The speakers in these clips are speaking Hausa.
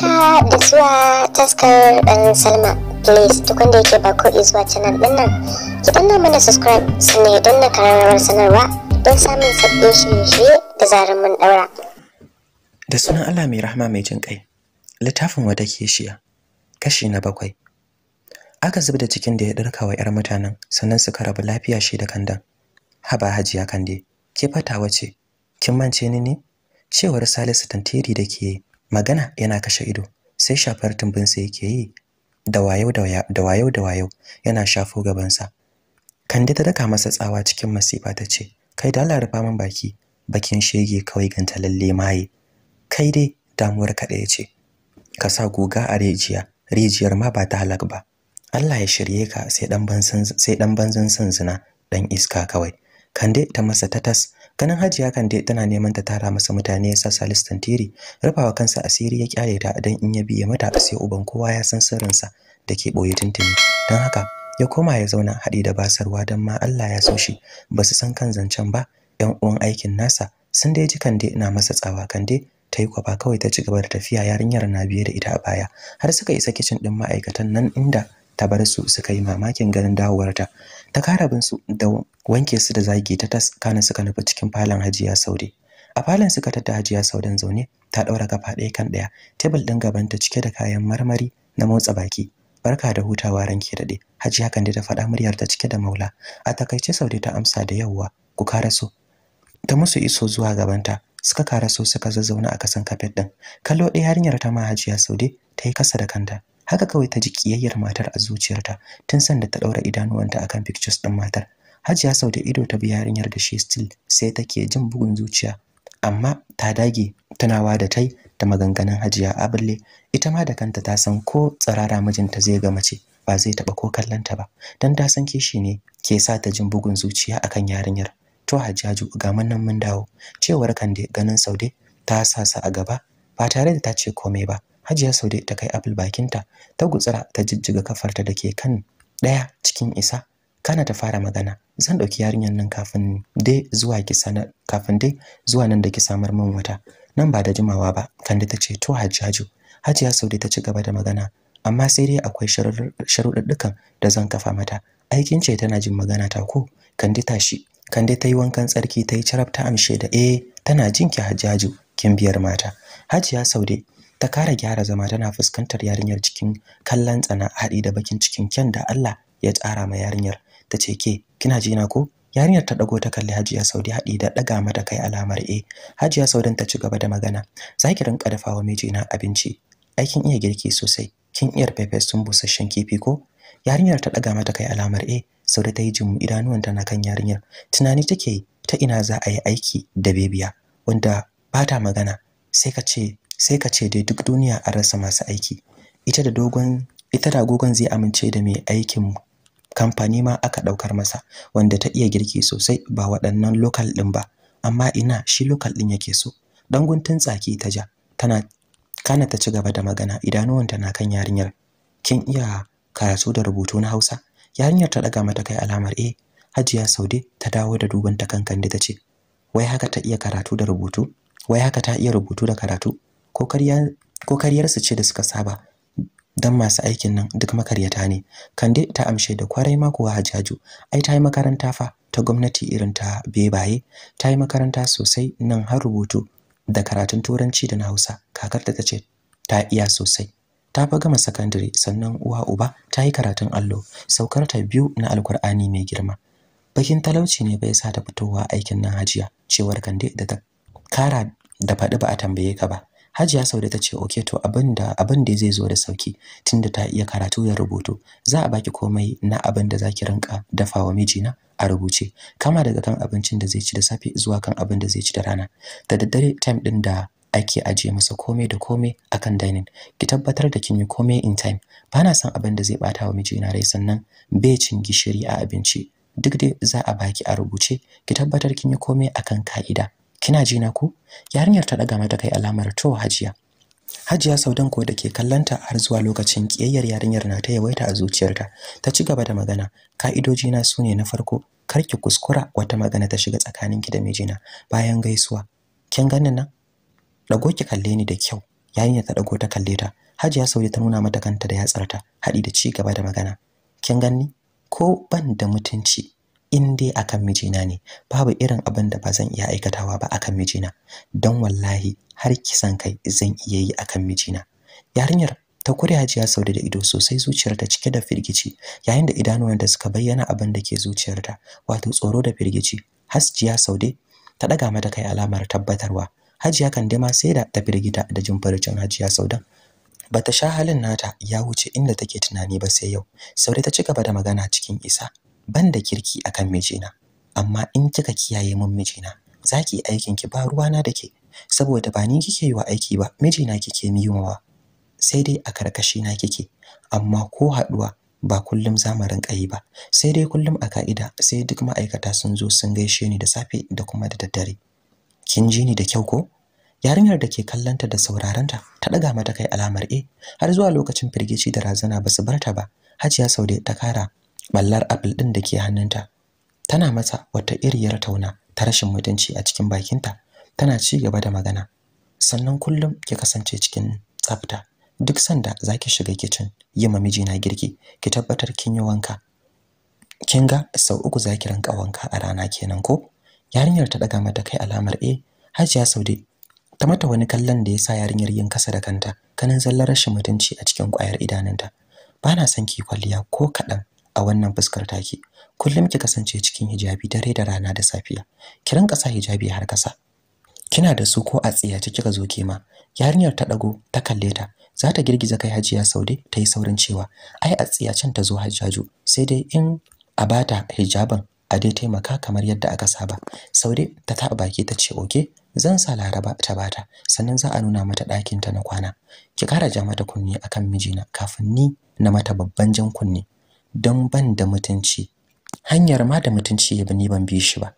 haka da zuwa taskar dan salma please duk wanda yake ba ko zuwa canal din nan ki danna mana subscribe sannan ya danna karamar sanarwa don samun sabbin shirye-shirye da zarar mun daura da sunan allah mai rahama mai jin kai littafin wata shiya kashi na bakwai aka zub da cikin da ya dirka wa yar mutanen sannan suka rabu lafiya shi da kandan haba hajiya kande ke fatawa ce kin mance ni ne cewar salisu tantiri da ke magana yana kashe ido sai shafar tumbinsa yake yi da wayo da wayo da wayo yana shafo gabansa kande ta daka masa tsawa cikin masifa ta ce kai da Allah rufa baki bakin shege kawai ganta lalle maye kai dai damuwar ka ɗaya ce ka sa guga a rijiya rijiyar ma ba ta halak ba Allah ya shirye ka sai dan banzan sai dan banzan iska kawai kande ta masa tatas ganin hajiya kan dai tana neman ta tara masa mutane ya sa listan Tantiri. rufawa kansa asiri ya kyale ta dan in ya biye mata sai uban kowa ya san sirrinsa da ke boye tuntuni dan haka ya koma ya zauna haɗi da basarwa dan ma Allah ya so shi ba su san kan zancen ba yan uwan aikin nasa sun dai ji kande na masa tsawa kande ta yi kwaba kawai ta ci gaba da tafiya yarinyar na biye da ita a baya har suka isa kicin din ma'aikatan nan inda ta bar su suka yi mamakin ganin dawowarta ta kara bin su da wanke su da zagi ta taskana suka nufi cikin falon hajiya saudi a falon suka tada hajiya saudan zaune ta daura kafa ɗaya kan ɗaya tebul ɗin gabanta cike da kayan marmari na motsa baki barka da hutawa ranke daɗe hajiya kande ta faɗa muryar ta cike da maula a takaice saudi ta amsa da yawwa ku karaso ta musu iso zuwa gabanta suka karaso suka zazzauna a kasan kafet ɗin kallo ɗaya yarinyar ta ma hajiya saudi ta yi kasa da kanta haka kawai ta ji kiyayyar matar a zuciyarta tun sanda ta daura idanuwanta akan pictures din matar Hajiya sau da ido ta bi yarinyar da shi still sai take jin bugun zuciya amma ta dage tunawa da tai da maganganun Hajiya Abulle ita ma da kanta ta san ko tsarara mijinta zai ga mace ba zai taba ko kallanta ba dan ta san kishi ne ke sa ta jin bugun zuciya akan yarinyar to Hajjaju ga nan mun dawo cewar kan ganin Saude ta sasa a gaba ba tare da ta ce komai ba Hajiya Saude ta kai apple bakinta, ta gutsira ta jijjiga kafarta da ke kan ɗaya cikin isa. Kana ta fara magana, zan ɗauki yarinyar nan kafin dai zuwa ki kafin dai zuwa nan da ki samar min wata. Nan ba da jimawa ba, Kande ta ce to Hajjaju. Hajiya Saude ta ci gaba da magana, amma sai dai akwai sharuɗɗukan da zan kafa mata. Aikin ce tana jin magana ta ko Kande tashi Kande ta yi wankan tsarki ta yi carab ta amshe da eh tana jin ki Hajjaju kin biyar mata. Hajiya Saude ta kara gyara zama tana fuskantar yarinyar cikin kallon tsana haɗi da bakin cikin kyan da Allah ya tsara ma yarinyar ta ce ke kina jina ko yarinyar ta dago ta kalli Hajiya Saudi haɗi da ɗaga mata kai alamar e Hajiya Saudin ta ci gaba da magana Za ki rinka dafawa mijina abinci aikin iya girki sosai kin iya pepe sun busasshen kifi ko yarinyar ta ɗaga mata kai alamar e Saudi ta yi jin idanuwan tana kan yarinyar tunani take ta ina za a yi aiki da bebiya wanda ba ta magana sai ka ce sai ka ce dai duk duniya a rasa masu aiki ita da dogon ita da agogon zai amince da mai aikin kamfani ma aka daukar masa wanda ta iya girki sosai ba waɗannan lokal din ba amma ina shi local din yake so dan guntun tsaki ta ja tana kana ta ci gaba da magana idanuwanta na kan yarinyar kin iya karatu da rubutu na Hausa yarinyar ta daga mata kai alamar eh Hajiya Saude ta dawo da duban ta kankan da ce. wai haka ta iya karatu da rubutu wai haka ta iya rubutu da karatu ko karyarsu ce da suka saba don masu aikin nan duk makaryata ne kande ta amshe da kwarai ma kuwa hajaju ai ta yi makaranta fa ta gwamnati irin ta bebaye ta yi makaranta sosai nan har rubutu da karatun turanci da na hausa kakar ta ce ta iya sosai ta fa gama sakandare sannan uwa uba ta yi karatun allo saukar ta biyu na alkur'ani mai girma bakin talauci ne bai sa ta fitowa aikin nan hajiya cewar kande da ta kara da faɗi ba a tambaye ka ba Hajiya Saude ta ce okay to abin da zai zo da sauki tunda ta iya karatu ya rubutu za a baki komai na abin da zaki rinka dafawa mijina a rubuce kama daga kan abincin da zai ci da safe zuwa kan abin da zai ci da rana da daddare time din da ake ajiye masa komai da komai akan dining ki tabbatar da kin yi komai in time bana son abin da zai bata wa mijina rai sannan bai cin gishiri a abinci duk dai za a baki a rubuce ki tabbatar kin yi komai akan ka'ida kina ji na ko yarinyar ta daga mata kai alamar to hajiya hajiya saudan ko dake kallanta har zuwa lokacin kiyayyar yarinyar na ta yawaita a zuciyarta ta ci gaba da magana ka'idoji na sune na farko kar ki kuskura wata magana ta shiga tsakaninki da mijina bayan gaisuwa kin ganin nan dago ki kalle ni da kyau yarinyar ta dago ta kalle ta hajiya saudi ta nuna mata kanta da yatsarta haɗi da ci gaba da magana kin ganni ko ban da mutunci in dai akan mijina ne babu irin abin da ba zan iya aikatawa ba akan mijina don wallahi har kisan kai zan iya yi akan mijina yarinyar ta kure hajiya saude da ido sosai zuciyarta cike da firgici yayin da idanuwanta suka bayyana abin da ke zuciyarta wato tsoro da firgici hasjiya saude ta daga mata kai alamar tabbatarwa hajiya kan dai ma sai da ta firgita da jin farcin hajiya saudan bata sha halin nata ya wuce inda take tunani ba sai yau saude ta ci gaba da magana cikin isa ban da kirki a kan mijina amma in kika kiyaye mun mijina za zaki aikin ki ba ruwana da ke saboda ba ni kike yi wa aiki ba mijina kike miyuwa sai dai a karkashi na kike amma ko haduwa ba kullum rinka kai ba sai dai kullum a ka'ida sai duk ma'aikata sun zo sun gaishe ni da safe da kuma da daddare kin ji ni da kyau ko yarinyar da ke kallanta da saurarenta ta daga mata kai alamar e har zuwa lokacin firgici da razana ba su barta ba hajiya saude ta kara ballar apple din da ke hannunta tana masa wata iriyar tauna ta rashin mutunci a cikin bakinta tana ci gaba da magana sannan kullum ki kasance cikin tsafta duk sanda zaki shiga kitchen yi ma mijina girki ki tabbatar kin yi wanka kin ga sau uku zaki ranka wanka a rana kenan ko yarinyar ta daga mata kai alamar eh Hajiya Saude ta mata wani kallon da ya sa yarinyar yin kasa da kanta kanin zallar rashin mutunci a cikin kwayar idanunta bana son ki kwalliya ko kaɗan a wannan fuskar take kullum ki kasance cikin hijabi dare da rana da safiya ki rinka sa hijabi har kasa kina da su ko a tsiyace kika zo ma. yarinyar ta dago ta kalle ta za ta girgiza kai hajiya saude ta yi saurin cewa ai a tsiyacen ta zo hajjaju sai dai in a bata hijaban a dai taimaka kamar yadda aka saba saude ta ta baki ta ce oke zan sa laraba ta bata sannan za a nuna mata ɗakin ta na kwana ki kara ja mata kunni akan mijina kafin ni na mata babban jan kunni don ban da mutunci hanyar ma da mutunci ya ni ban bi shi ba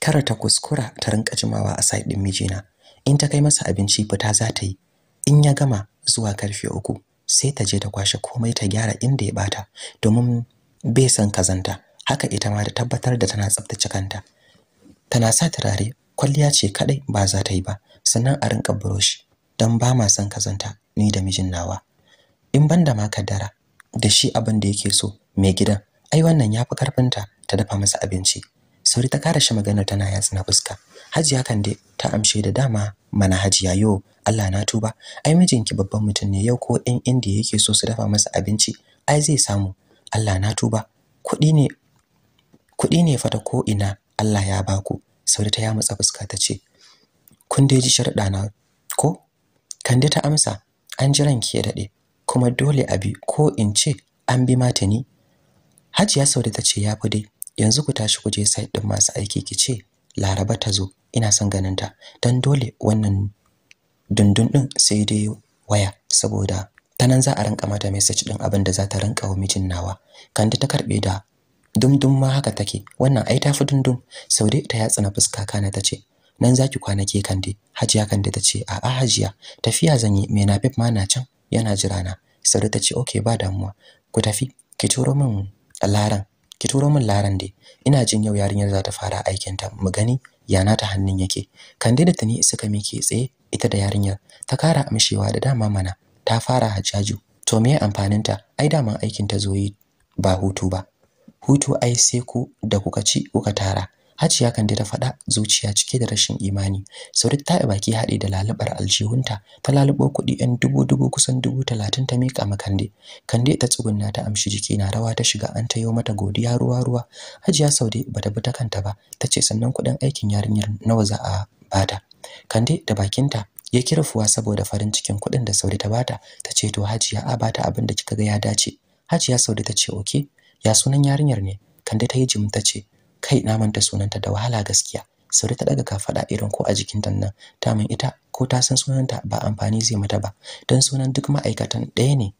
kar ta kuskura ta rinka jimawa a sai din mijina in ta kai masa abinci fita za ta yi in ya gama zuwa karfe uku sai ta je ta kwashe komai ta gyara inda ya bata domin bai san kazanta haka ita ma da tabbatar da tana tsabtace kanta tana sa turare kwalliya ce kadai ba za ta yi ba sannan a rinka buroshi, don ba ma san kazanta ni da mijin nawa in banda ma kaddara da shi abin da yake so mai gidan ai wannan yafi karfinta ta dafa masa abinci sauri ta kara shi maganar tana yatsina fuska hajiya kan dai ta amshe da dama mana hajiya yo Allah na tuba ai mijinki babban mutum ne yau ko ɗan inda yake so su dafa masa abinci ai zai samu Allah na tuba kuɗi ne kuɗi ne fata ko ina Allah ya baku sauri ta yamutsa fuska ta ce kun dai ji sharɗa na ko kande ta amsa an jiran ki ya daɗe kuma dole a bi ko in ce an bi mata ni? hajiya saude ta ce yafi dai yanzu ku tashi ku je site din masu aiki ki ce laraba ta zo ina son ganin ta dan dole wannan dundun din sai dai waya saboda ta nan za a rinka mata message din abin da za ta rinka wa mijin nawa kanda ta karbe da dundun ma haka take wannan ai tafi dundun? saude ta yatsa na fuska kana ta ce nan zaki kwana ke kande hajiya kande ta ce a'a hajiya tafiya zan yi me na ma na can yana jirana, na Saude ta ce okay ba damuwa ku tafi ki turo min laran ki turo min laran dai ina jin yau yarinyar za ta fara aikin ta mu gani ya nata hannun yake Kande da Tani suka mike tsaye ita da yarinyar ta kara amshewa da dama mana ta fara hajjaju to me amfanin ta ai daman aikin ta zo yi ba hutu ba hutu ai sai ku da kuka ci kuka tara Hajiya Kande ta faɗa zuciya cike da rashin imani. Saurit ta baki haɗe da lalubar aljihunta, ta lalubo kuɗi 'yan dubu dubu kusan dubu talatin ta miƙa ma Kande. Kande ta tsugunna ta amshi jiki na rawa ta shiga an tayo mata godiya ruwa ruwa. Hajiya Saude bata bi ta kanta ba, ta ce sannan kuɗin aikin yarinyar nawa za a bada. Kande da bakinta ya kirfuwa saboda farin cikin kuɗin da Saude ta bata, ta ce to Hajiya a bata abin da kika ga ya dace. Hajiya Saude ta ce oke, ya sunan yarinyar ne? Kande ta yi jim ce kai na manta sunanta da wahala gaskiya sauri ta daga kafada irin ko a jikin nan ta min ita ko ta san sunanta ba amfani zai mata ba dan sunan duk ma'aikatan ɗaya ne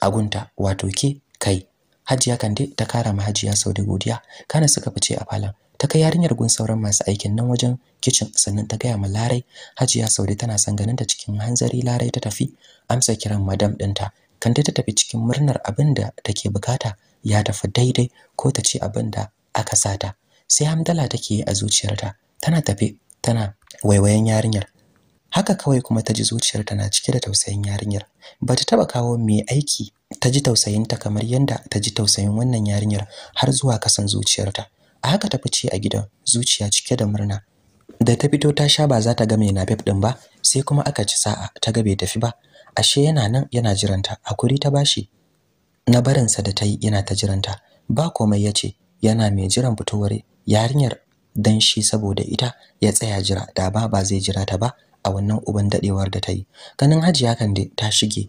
a gunta wato ke kai Hajiya Kande ta kara ma Hajiya Saudi godiya kana suka fice a falon ta kai yarinyar gun sauran masu aikin nan wajen kicin, sannan ta gaya ma Larai Hajiya Saudi tana son ganin ta cikin hanzari Larai ta tafi amsa kiran madam ɗinta Kande ta tafi cikin murnar abin da take bukata ya tafi daidai ko ta ce abin aka sata sai hamdala take yi a zuciyarta tana tafe tana waiwayen yarinyar haka kawai kuma ta ji zuciyarta na cike da tausayin yarinyar bata taba kawo mai aiki ta ji tausayinta kamar yadda ta ji tausayin wannan yarinyar har zuwa kasan zuciyarta a haka ta fice a gidan zuciya cike da murna da ta fito ta sha ba za ta ga mai bib din ba sai kuma aka ci sa'a ta ga bai tafi ba ashe yana nan yana jiranta hakuri ta bashi na barinsa da ta yi yana ta jiranta ba komai ya ce yana mai jiran fitowar yarinyar dan shi saboda ita ya tsaya jira da ba ba zai jira ta ba a wannan uban dadewar da ta yi ganin hajiya kan da ta shige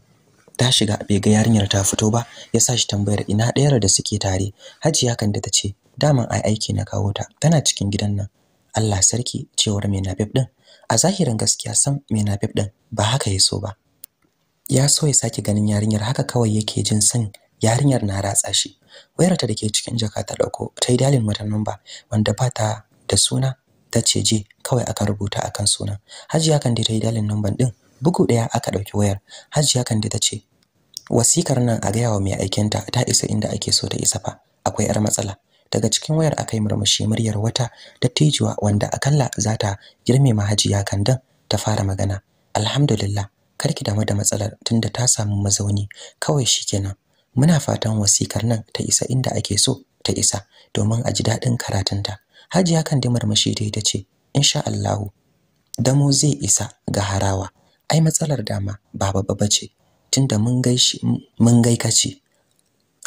ta shiga bai ga yarinyar ta fito ba ya sa shi tambayar ina ɗayar da suke tare hajiya kan da ta ce daman ai aiki na kawo ta tana cikin gidan nan Allah sarki cewar mai nafif din a zahirin gaskiya san mai nafif din ba haka ya so ba ya so ya sake ganin yarinyar haka kawai yake jin san yarinyar na ratsa shi wayarta da ke cikin jaka ta dauko ta yi dalin wata namba wanda ba ta da suna ta ce je kawai aka rubuta akan suna. hajiya kan da ta yi dalin namban din bugu daya aka dauki wayar hajiya kan da ta ce wasikar nan a gayawa wa mai aikinta ta isa inda ake so ta isa fa akwai yar matsala daga cikin wayar akai murmushi muryar wata dattijuwa wanda akalla za ta girme ma hajiya kan ta fara magana alhamdulillah karki damu da matsalar tunda ta samu mazauni kawai shikenan Muna fatan wasikar nan ta isa inda ake so ta isa domin a ji daɗin karatunta. Hajiya kan da marmashi dai ta ce, "Insha Allah damo zai isa ga harawa. Ai matsalar dama ba baba bace tunda mun gaishe. mun gai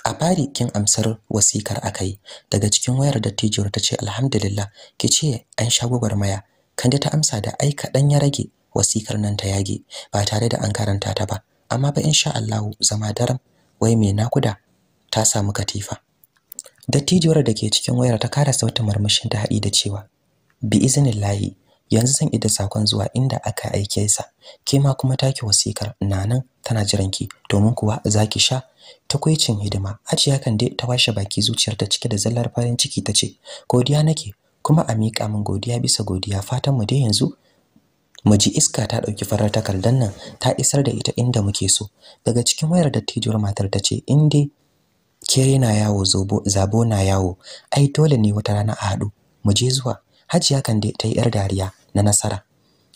A fari kin amsar wasikar akai daga cikin wayar tijiyar ta ce, "Alhamdulillah, ki ce an sha gwagwarmaya." Kande ta amsa da ai kaɗan ya rage wasikar nan ta yage ba tare da an karanta ta ba. Amma ba insha Allah zama daren. wai mai nakuda ta samu katifa dattijuwar da ke cikin wayar ta kara sautin marmashin ta haɗi da cewa bi izinin yanzu zan ida sakon zuwa inda aka aike sa ke ma kuma take wasikar nanan tana jiranki, domin kuwa zaki sha takwicin hidima ajiya kan dai ta washe baki zuciyar ta cike da zallar farin ciki ta ce. godiya nake kuma a miƙa min godiya bisa godiya fatan mu dai yanzu Mu ji iska ta ɗauki farar takardar nan ta isar da ita inda muke so. Daga cikin wayar dattijuwar matar ta ce in dai kere na yawo zobo zabo na yawo ai dole ne wata rana a haɗu mu je zuwa Hajiya kan dai ta yi yar dariya na nasara.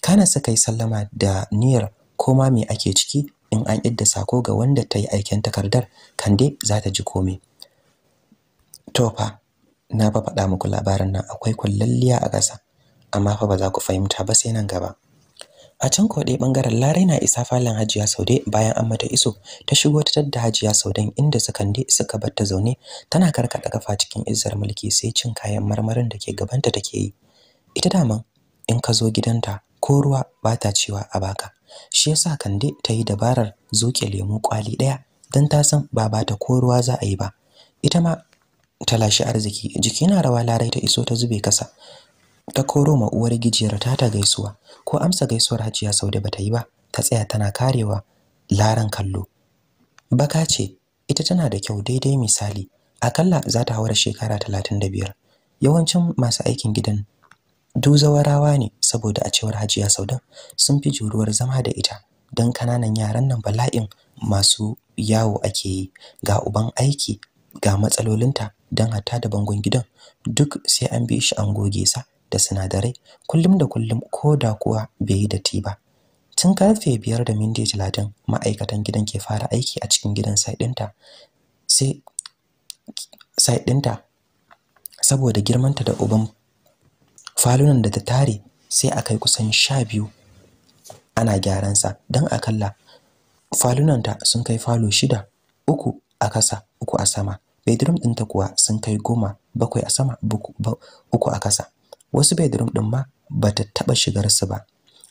Kana suka yi sallama da niyyar koma me ake ciki in an idda sako ga wanda ta yi aikin takardar kan dai za ta ji komai. To fa na fa faɗa muku labarin nan akwai kullalliya a ƙasa amma fa ba za ku fahimta ba sai nan gaba. a can kwaɗe ɓangaren larai na isa falon hajiya saude bayan an mata iso ta shigo ta tadda hajiya saudan inda Kande suka bar ta zaune tana karkaɗa kafa cikin izzar mulki sai cin kayan marmarin da ke gabanta take yi ita daman in ka zo gidanta ko ruwa ba ta cewa a baka shi yasa kande ta yi dabarar zoke lemu kwali ɗaya don ta san ba ba ta ko ruwa za a yi ba ita ma ta lashe arziki jiki na rawa larai ta iso ta zube kasa ta koro ma uwar gijiyar ta ta gaisuwa ko amsa gaisuwar hajiya saude bata yi ba ta tsaya tana karewa laran kallo baka ce ita tana da kyau daidai misali akalla za ta haura shekara 35 yawancin masu aikin gidan duzawarawa ne saboda a cewar hajiya saudan sun fi juruwar zama da ita don kananan yaran nan bala'in masu yawo ake yi ga uban aiki ga matsalolinta don hatta da bangon gidan duk sai an bi shi an goge sa da sinadarai kullum da kullum ko da kuwa bai yi datti ba tun karfe biyar da minti talatin ma'aikatan gidan ke fara aiki a cikin gidan sai ɗinta saboda girmanta da uban falunan da ta tare sai a kai kusan sha biyu ana gyaran sa don akalla falunanta sun kai falo shida uku a kasa uku a sama bedroom ɗinta kuwa sun kai goma bakwai a sama uku a kasa wasu bedroom din ma bata taba shigar su ba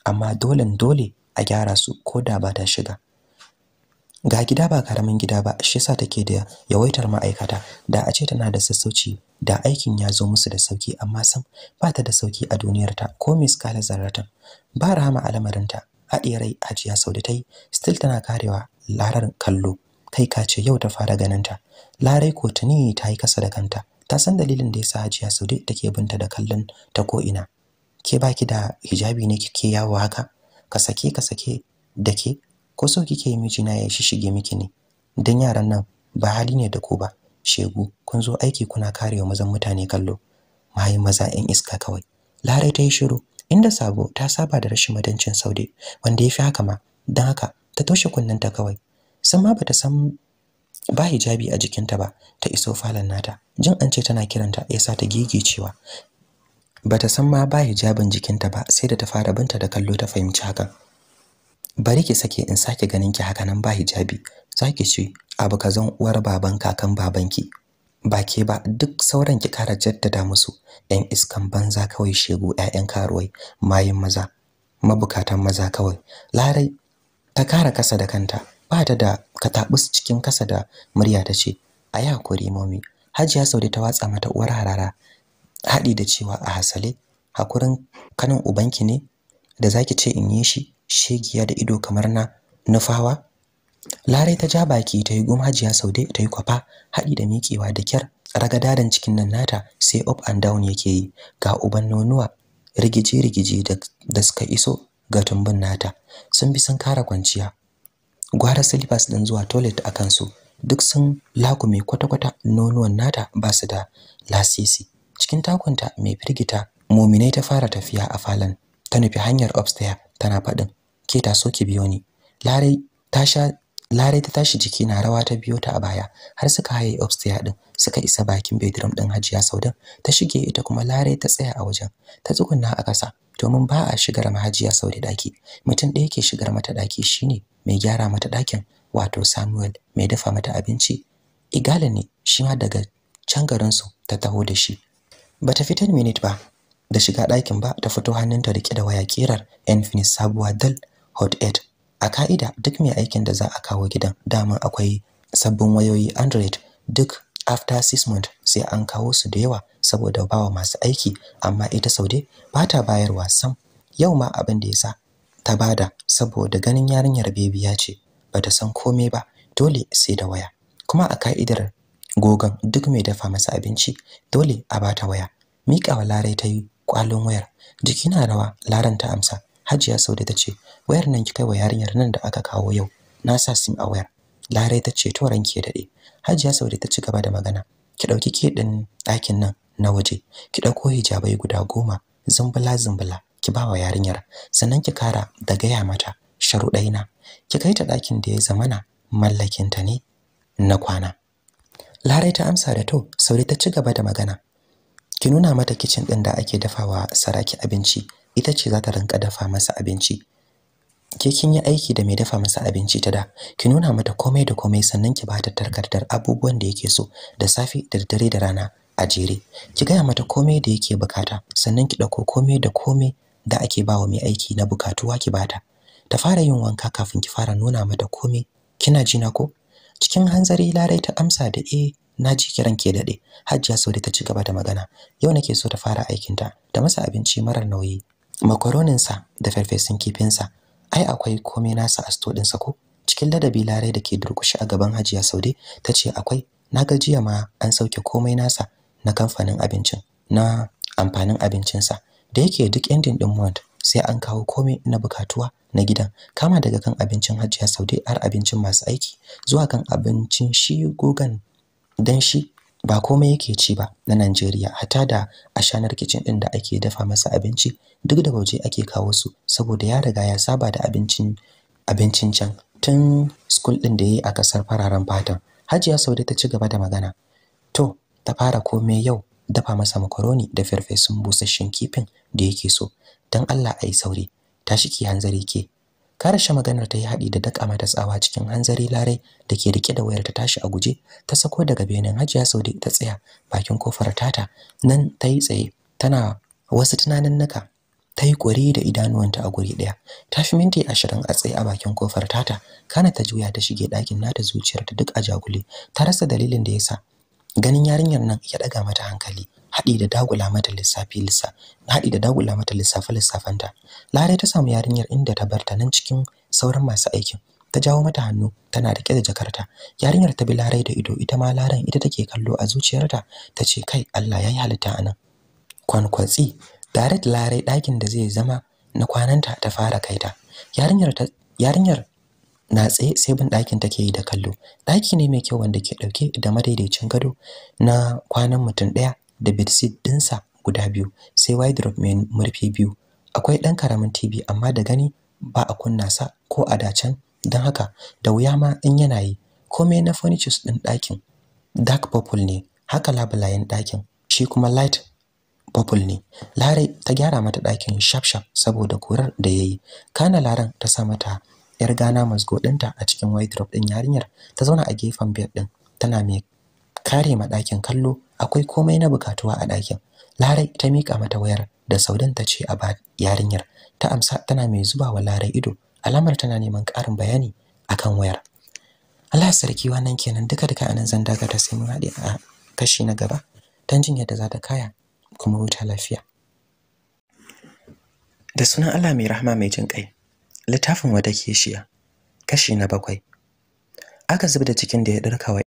amma dole dole a gyara su ko da ba ta shiga ga gida ba karamin gida ba shi yasa take da yawaitar ma'aikata da a ce tana da sassauci da aikin ya zo musu da sauki amma sam ba ta da sauki a duniyar ta ko miss kala zarrata ba rahama alamarinta Haɗe rai ajiya saudi tai still tana karewa larar kallo kai ka ce yau ta fara ganin ta larai ko tuni ta yi kasa da kanta ta san dalilin da yasa Hajiya Saude take binta da kallon ta ko ina ke baki da hijabi ne kike yawo haka ka sake ka sake da ke ko so kike yi miji na ya shige miki ne dan yaran nan ba hali ne da ku ba shegu kun zo aiki kuna karewa mazan mutane kallo mai maza yan iska kawai Larai ta yi shiru inda sabo ta saba da rashin madancin Saude wanda ya fi haka ma dan haka ta toshe kunnanta kawai san ma bata san ba hijabi a jikinta ba ta iso falon nata jin an ce tana kiranta yasa ta cewa bata san ma ba hijabin jikinta ba sai da ta fara binta da kallo ta fahimci hakan bari ki sake in sake ganin ki haka nan ba hijabi sake ce abu ka kazan uwar baban kakan babanki ba ke ba duk sauran ki kara jaddada musu yan iskan banza kawai shegu ƴaƴan karuwai mayin maza mabukatan maza kawai larai ta kara kasa da kanta ba ta da katabus cikin kasa da murya ta ce a hakuri mami hajiya saudi ta watsa mata uwar harara haɗi da cewa a hasale hakurin kanin ubanki ne da zaki ce in yi shi shegiya da ido kamar na nufawa larai ta ja baki ta yi gum hajiya saude ta yi kwafa haɗi da miƙewa da kyar ragadadan cikin nan nata sai up and down yake yi ga uban nonuwa rigije rigije da suka iso ga tumbin nata sun bi sun kara kwanciya gwara silifas din zuwa toilet a kansu duk sun lakume kwata-kwata nonuwan nata ba su da lasisi cikin takunta mai firgita muminai ta fara tafiya a falon ta nufi hanyar upstairs tana faɗin ke ta so ki biyo ni larai ta sha Lare ta tashi jiki na rawa ta biyo ta a baya har suka haye upstairs din suka isa bakin bedroom din Hajiya Saudan ta shige ita kuma Lare ta tsaya a wajen ta tsugunna a ƙasa domin ba a shigar ma Hajiya Saude daki mutum ɗaya ke shigar mata daki shine mai gyara mata dakin wato Samuel mai dafa mata abinci Igala ne shi ma daga can garin su ta taho da shi bata fi minute ba da shiga ɗakin ba ta fito hannunta rike da waya kirar Infinite sabuwa dal hot 8 a ka'ida duk mai aikin da za a kawo gidan daman akwai sabbin wayoyi android duk after six months sai an kawo su da yawa saboda bawa masu aiki amma ita saude ba ta bayarwa sam yau ma abin da ya sa ta bada saboda ganin yarinyar bebiya ce ba ta san komai ba dole sai da waya kuma a ka'idar gogon duk mai dafa masa abinci dole a ba ta waya miƙawa larai ta yi ƙwallon wayar jiki na rawa laran ta amsa Hajiya Saude ta ce, "Wayar nan ki kai wa yarinyar nan da aka kawo yau. Na sa sim a wayar." Larai ta ce, "To ranki ya dade." Hajiya Saude ta ci gaba da magana. Ki dauki keɗin ɗakin nan na waje. Ki dauko hijabai guda goma, zumbula zumbula, ki ba wa yarinyar. Sannan ki kara da gaya mata na. Ki kai ta ɗakin da ya zamana mallakinta ne na kwana. Larai ta amsa da to, Saude ta ci gaba da magana. Ki nuna mata kicin din da ake dafawa saraki abinci ita ce za ta rinka dafa masa abinci ke kin yi aiki da mai dafa masa abinci ta da ki nuna mata komai da komai sannan ki bata tarkardar abubuwan da yake so da safi da dare da rana a jere ki gaya mata komai da yake bukata sannan ki dauko komai da komai da ake wa mai aiki na bukatuwa ki bata ta fara yin wanka kafin ki fara nuna mata komai kina jina ko cikin hanzari larai ta amsa da eh na ji kiran ke dade hajjia saudi ta ci gaba da magana yau nake so ta fara aikinta ta masa abinci marar nauyi makaroninsa da farfesun kifinsa ai akwai komai nasa a sto ɗinsa ko cikin ladabi larai da ke durƙushe a gaban hajiya saude ta ce akwai na ga jiya ma an sauke komai nasa na kamfanin abincin na amfanin abincinsa da yake duk endin ɗin month sai an kawo komai na bukatuwa na gidan kama daga kan abincin hajiya saude har abincin masu aiki zuwa kan abincin shi gogan dan shi ba komai yake ci ba na Najeriya hata da shanar kicin din da ake dafa masa abinci duk da waje ake kawo su saboda ya riga ya saba da abincin abincin can tun school din da yayi a kasar fararen fatan Hajiya Saude ta ci gaba da magana to ta fara komai yau dafa masa makaroni da farfesun busasshen kifin da yake so dan Allah ai sauri tashi ki hanzari ke Karashe maganar ta yi haɗi da daka mata tsawa cikin hanzari larai da ke rike da wayar ta tashi a guje ta sako daga benin Hajiya Saudi ta tsaya bakin kofar tata nan ta yi tsaye tana wasu tunanin naka ta yi ƙuri da idanuwanta a guri ɗaya ta fi minti ashirin a tsaye a bakin kofar tata kana ta juya ta shige ɗakin nata zuciyarta duk a jagule ta rasa dalilin da yasa ganin yarinyar nan ya ɗaga mata hankali haɗi da dagula mata lissafi lissa haɗi da dagula mata lissafi lissafanta Lare ta samu yarinyar inda ta barta nan cikin sauran masu aikin ta jawo mata hannu tana rike da jakarta yarinyar ta bi larai da ido ita ma laren ita take kallo a zuciyarta ta ce kai Allah ya yi halitta nan. kwankwatsi da larai ɗakin da zai zama na kwananta ta fara kaita yarinyar ta yarinyar na tsaye sai bin ɗakin take yi da kallo ɗaki ne mai kyau wanda ke ɗauke da madaidaicin gado na kwanan mutum ɗaya da bedsheet dinsa guda biyu sai drop mai murfi biyu akwai ɗan karamin TV amma da gani ba a kunna sa ko a dacen don haka da wuya ma in yana yi komai na furnitures ɗin dakin dark purple ne haka labulayen dakin shi kuma light purple ne lare ta gyara mata ɗakin sharp sharp saboda kurar da yayi kana laran ta sa mata yar gana masgo dinta a cikin drop ɗin yarinyar ta zauna a gefen bed ɗin tana mai kare ma ɗakin kallo akwai komai na bukatuwa a ɗakin larai ta mika mata wayar da saudin ta ce a ba yarinyar ta amsa tana mai zuba wa larai ido alamar tana neman ƙarin bayani akan wayar Allah sarki wannan kenan duka duka anan zan daga ta sai mun haɗe a kashi na gaba dan jin yadda za ta kaya kuma wuta lafiya da sunan Allah mai rahama mai jin kai littafin wata shiya. kashi na bakwai aka zubda cikin da ya dirka